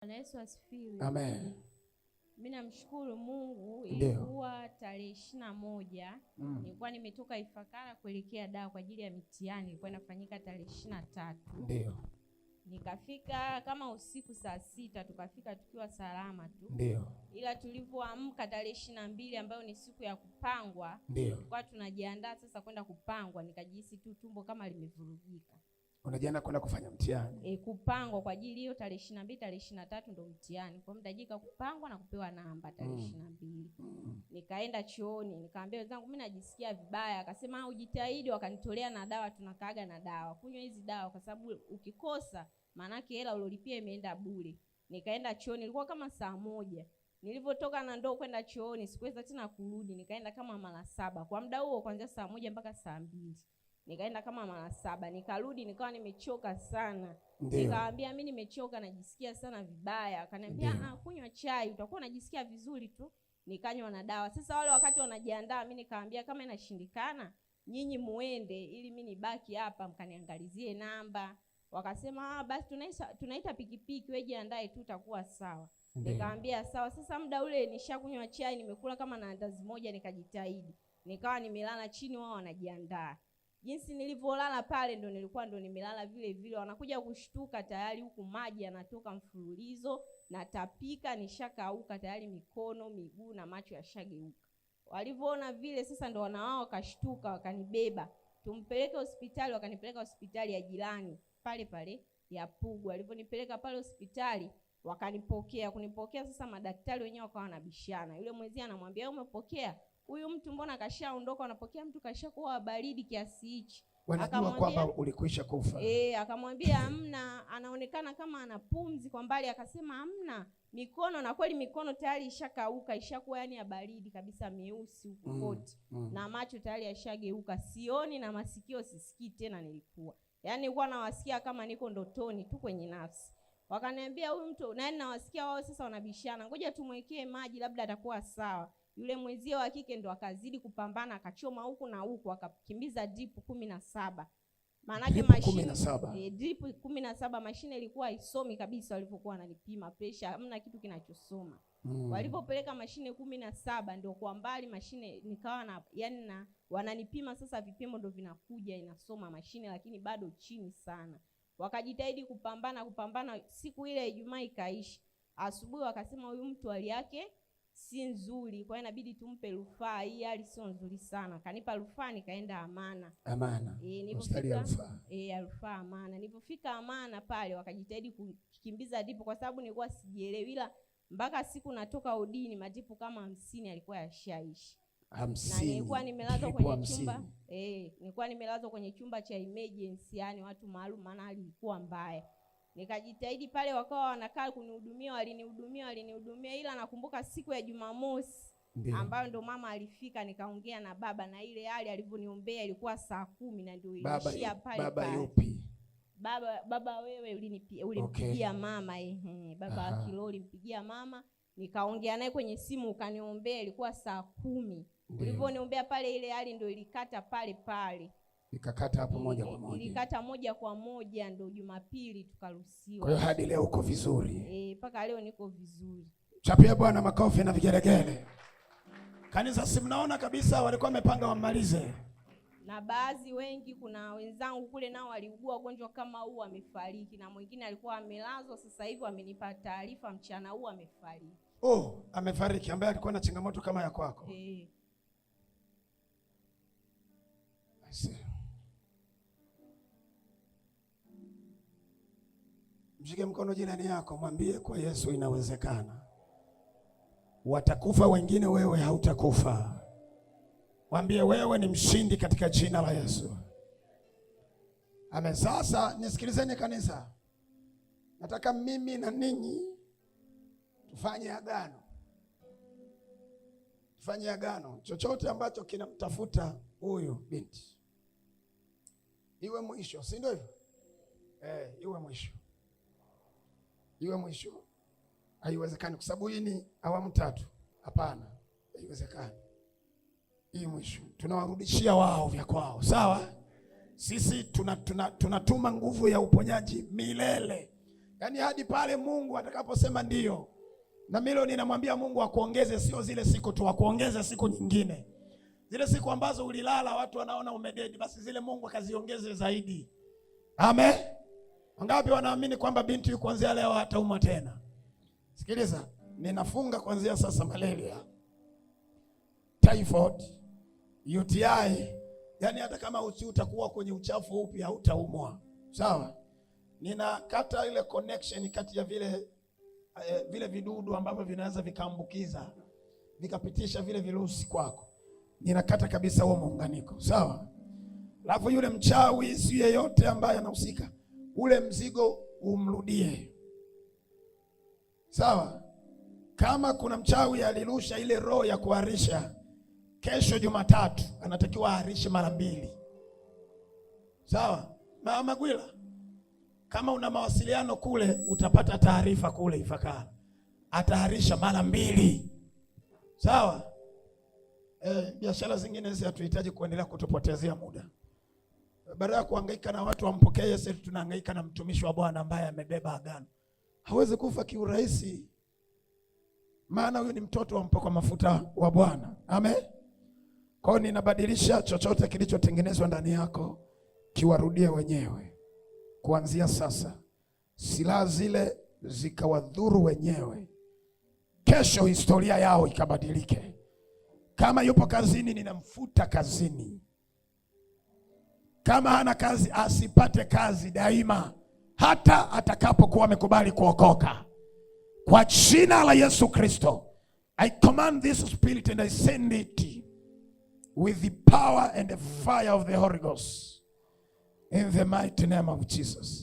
Bwana Yesu asifiwe. Amen. Mimi namshukuru Mungu, ilikuwa tarehe ishirini na moja mm. nilikuwa nimetoka Ifakara kuelekea Dar kwa ajili ya mitihani, ilikuwa inafanyika tarehe ishirini na tatu. Ndio. Nikafika kama usiku saa sita, tukafika tukiwa salama tu. Ndio. Ila tulivyoamka tarehe ishirini na mbili ambayo ni siku ya kupangwa, ndio tulikuwa tunajiandaa sasa kwenda kupangwa, nikajihisi tu tumbo kama limevurugika unajiandaa kwenda kufanya mtihani. E, kupangwa kwa ajili hiyo tarehe ishirini na mbili tarehe ishirini na tatu ndo mtihani. Kwa hiyo mtajika kupangwa na kupewa namba tarehe mm. ishirini na mbili mm. Nikaenda chuoni nikaambia wenzangu mimi najisikia vibaya, akasema ah, ujitahidi, wakanitolea na dawa, tunakaaga na dawa, kunywa hizi dawa kwa sababu ukikosa maanake hela ulolipia imeenda bure. Nikaenda chuoni, ilikuwa kama saa moja nilivyotoka na ndoo kwenda chuoni, sikuweza tena kurudi, nikaenda kama mara saba kwa muda huo, kuanzia saa moja mpaka saa mbili nikaenda kama mara saba, nikarudi nikawa nimechoka sana. Nikamwambia mimi nimechoka, najisikia sana vibaya. Akaniambia ah, kunywa chai utakuwa unajisikia vizuri tu. Nikanywa na dawa. Sasa wale wakati wanajiandaa, mimi nikamwambia kama inashindikana, nyinyi muende ili mimi nibaki hapa mkaniangalizie namba. Wakasema ah, basi tunaita, tunaita pikipiki, wewe jiandae tu utakuwa sawa. Nikamwambia sawa. Sasa muda ule nishakunywa chai, nimekula kama na andazi moja, nikajitahidi. Nikawa nimelala chini, wao wanajiandaa. Jinsi nilivyolala pale ndo nilikuwa ndo nimelala vile vile, wanakuja kushtuka tayari, huku maji yanatoka mfululizo, natapika, nishakauka tayari, mikono miguu na macho yashageuka. Walivyoona vile sasa, ndo wanawao wakashtuka, wakanibeba tumpeleke hospitali, wakanipeleka hospitali ya jirani pale pale ya Pugu. Walivyonipeleka pale hospitali wakanipokea, kunipokea sasa, madaktari wenyewe wakawa wanabishana, yule mwenzie anamwambia umepokea huyu mtu mbona kashaondoka, anapokea mtu kashakuwa baridi kiasi hichi, wanajua kwamba ulikwisha kufa. Eh, akamwambia amna, anaonekana kama ana pumzi kwa mbali, akasema amna mikono, na kweli mikono tayari ishakauka, ishakuwa yani ya baridi kabisa, meusi huku mm, kote mm, mm. na macho tayari yashageuka, sioni na masikio sisikii tena, nilikuwa yani nilikuwa nawasikia kama niko ndotoni tu kwenye nafsi wakaniambia huyu mtu, na nawasikia wao sasa wanabishana, ngoja tumwekee maji, labda atakuwa sawa yule mwenzio wa kike ndo akazidi kupambana, akachoma huku na huku, akakimbiza dripu kumi na saba maanake mashine eh, kumi na saba mashine ilikuwa isomi kabisa, walivyokuwa wananipima presha, hamna kitu kinachosoma mm. Walipopeleka mashine kumi na saba ndio kwa mbali mashine nikawa na yani na wananipima sasa, vipimo ndo vinakuja inasoma mashine, lakini bado chini sana. Wakajitahidi kupambana kupambana, siku ile Ijumaa ikaishi, asubuhi wakasema huyu mtu hali yake si nzuri, kwa hiyo inabidi tumpe rufaa. Hii hali sio nzuri sana. Kanipa rufaa, nikaenda Amana. Amana e, nilipofika eh, ya rufaa Amana. Nilipofika Amana pale wakajitahidi kukimbiza dipo, kwa sababu nilikuwa sijielewi, ila mpaka siku natoka udini madipo kama hamsini alikuwa yashaishi hamsini. nilikuwa nimelazwa kwenye chumba eh, nilikuwa nimelazwa kwenye chumba cha emergency, yani watu maalum, maana hali ilikuwa mbaya nikajitahidi pale, wakawa wanakaa kunihudumia, walinihudumia, walinihudumia, ila nakumbuka siku ya Jumamosi Ndiyo. ambayo ndo mama alifika, nikaongea na baba na ile hali alivyoniombea ilikuwa saa kumi na ndio ilishia pale baba pale. Yupi? Baba, baba wewe ulinipigia ulimpigia okay. mama ehe, baba wa Kilolo ulimpigia mama, nikaongea naye kwenye simu ukaniombea, ilikuwa saa kumi ulivyoniombea pale, ile hali ndio ilikata pale pale Nikakata hapo moja kwa moja. Nilikata moja kwa moja ndo Jumapili tukaruhusiwa. Kwa hiyo hadi leo uko vizuri. Eh, mpaka leo niko vizuri. Chapia Bwana makofi na vigelegele. Kanisa si mnaona kabisa walikuwa wamepanga wamalize. Na baadhi wengi, kuna wenzangu kule nao waliugua ugonjwa kama huu wamefariki, na mwingine alikuwa amelazwa, sasa hivi wamenipa taarifa mchana huu amefariki. Oh, amefariki ambaye alikuwa na changamoto kama ya kwako. Eh. Mshike mkono jirani yako, mwambie kwa Yesu inawezekana. Watakufa wengine, wewe hautakufa. Mwambie wewe ni mshindi katika jina la Yesu. Amen. Sasa nisikilizeni kanisa, nataka mimi na ninyi tufanye agano, tufanye agano. Chochote ambacho kinamtafuta huyu binti iwe mwisho, si ndio hivyo? Eh, iwe mwisho iwe mwisho. Haiwezekani kwa sababu hii ni awamu tatu. Hapana, haiwezekani hii mwisho. Tunawarudishia wao vya kwao, sawa. Sisi tunatuma tuna, tuna nguvu ya uponyaji milele, yaani hadi pale Mungu atakaposema ndio. Na milo namwambia Mungu akuongeze, sio zile siku tu, akuongeze siku nyingine, zile siku ambazo ulilala watu wanaona umededi, basi zile Mungu akaziongeze zaidi. Amen. Wangapi wanaamini kwamba binti kuanzia leo hataumwa tena? Sikiliza, ninafunga kuanzia sasa malaria, typhoid, UTI, yaani hata kama uchi utakuwa kwenye uchafu upi hautaumwa. Sawa? Ninakata ile connection kati ya vile eh, vile vidudu ambavyo vinaweza vikaambukiza vikapitisha vile virusi kwako. Ninakata kabisa huo muunganiko. Sawa? Alafu yule mchawi si yeyote ambaye anahusika ule mzigo umrudie. Sawa, kama kuna mchawi alirusha ile roho ya kuharisha, kesho Jumatatu anatakiwa aharishe mara mbili. Sawa mama Gwila, kama una mawasiliano kule utapata taarifa kule Ifakara, ataharisha mara mbili. Sawa. Eh, biashara zingine hizi hatuhitaji kuendelea kutupotezea muda badala ya kuhangaika na watu wampokee Yesu, tunahangaika na mtumishi wa Bwana ambaye amebeba agano. Hawezi kufa kiurahisi, maana huyu ni mtoto wa mpakwa mafuta wa Bwana. Amen. Kwa hiyo ninabadilisha chochote kilichotengenezwa ndani yako kiwarudie wenyewe kuanzia sasa, silaha zile zikawadhuru wenyewe, kesho historia yao ikabadilike. Kama yupo kazini, ninamfuta kazini kama hana kazi asipate kazi daima, hata atakapokuwa amekubali kuokoka. Kwa jina la Yesu Kristo, I command this spirit and I send it with the power and the fire of the Holy Ghost in the mighty name of Jesus.